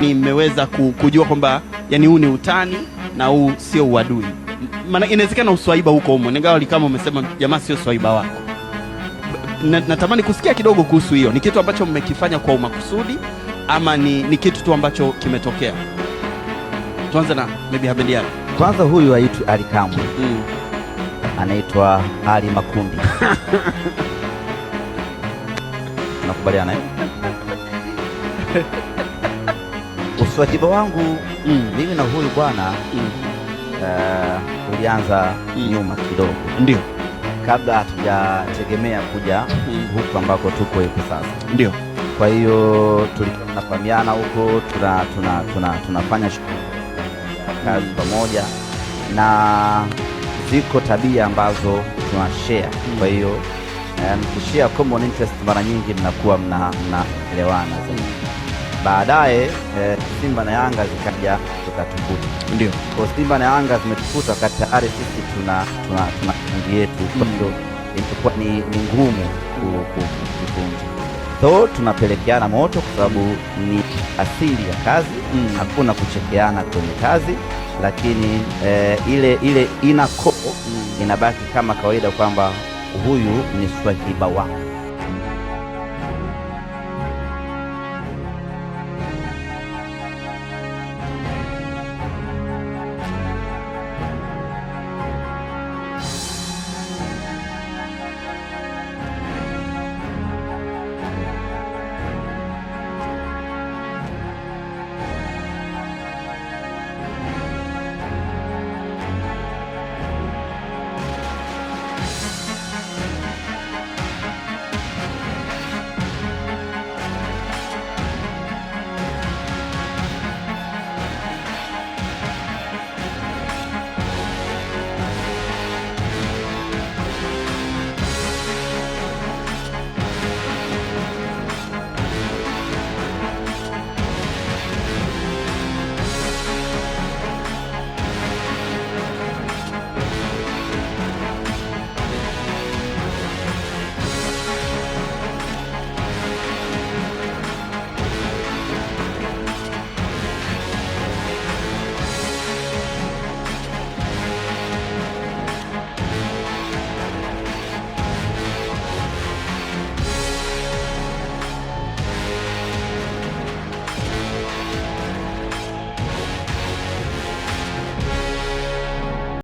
Nimeweza kujua kwamba yani huu ni utani na huu sio uadui. Maana inawezekana uswaiba huko humo, ingawa kama umesema jamaa sio swaiba wako. Natamani na kusikia kidogo kuhusu hiyo, ni kitu ambacho mmekifanya kwa umakusudi ama ni, ni kitu tu ambacho kimetokea? Tuanze na maybe Habedi kwanza. Huyu aitwi alikamwe Kamwe mm. anaitwa Ali Makumbi nakubaliana eh? usajiba wangu mm. mimi na huyu bwana mm. uh, ulianza mm. nyuma kidogo, ndio kabla hatujategemea kuja mm. huku ambako tuko hivi sasa, ndio. Kwa hiyo tulikuwa tunafahamiana huko, tunafanya tuna, tuna, tuna, tuna shughuli kazi mm. pamoja na ziko tabia ambazo tuna share mm. kwa hiyo eh, mkishare common interest mara nyingi mnakuwa mnaelewana mna zaidi baadaye e, Simba na Yanga zikaja tukatukuta. Ndio. Kwa Simba na Yanga zimetukuta wakati tayari sisi tuna tuna makundi yetu, kwa mm. hiyo ilikuwa ni ngumu kuikunja. So tunapelekeana moto kwa sababu ni asili ya kazi mm. Hakuna kuchekeana kwenye kazi, lakini e, ile ile inako mm. Inabaki kama kawaida kwamba huyu ni swahiba wako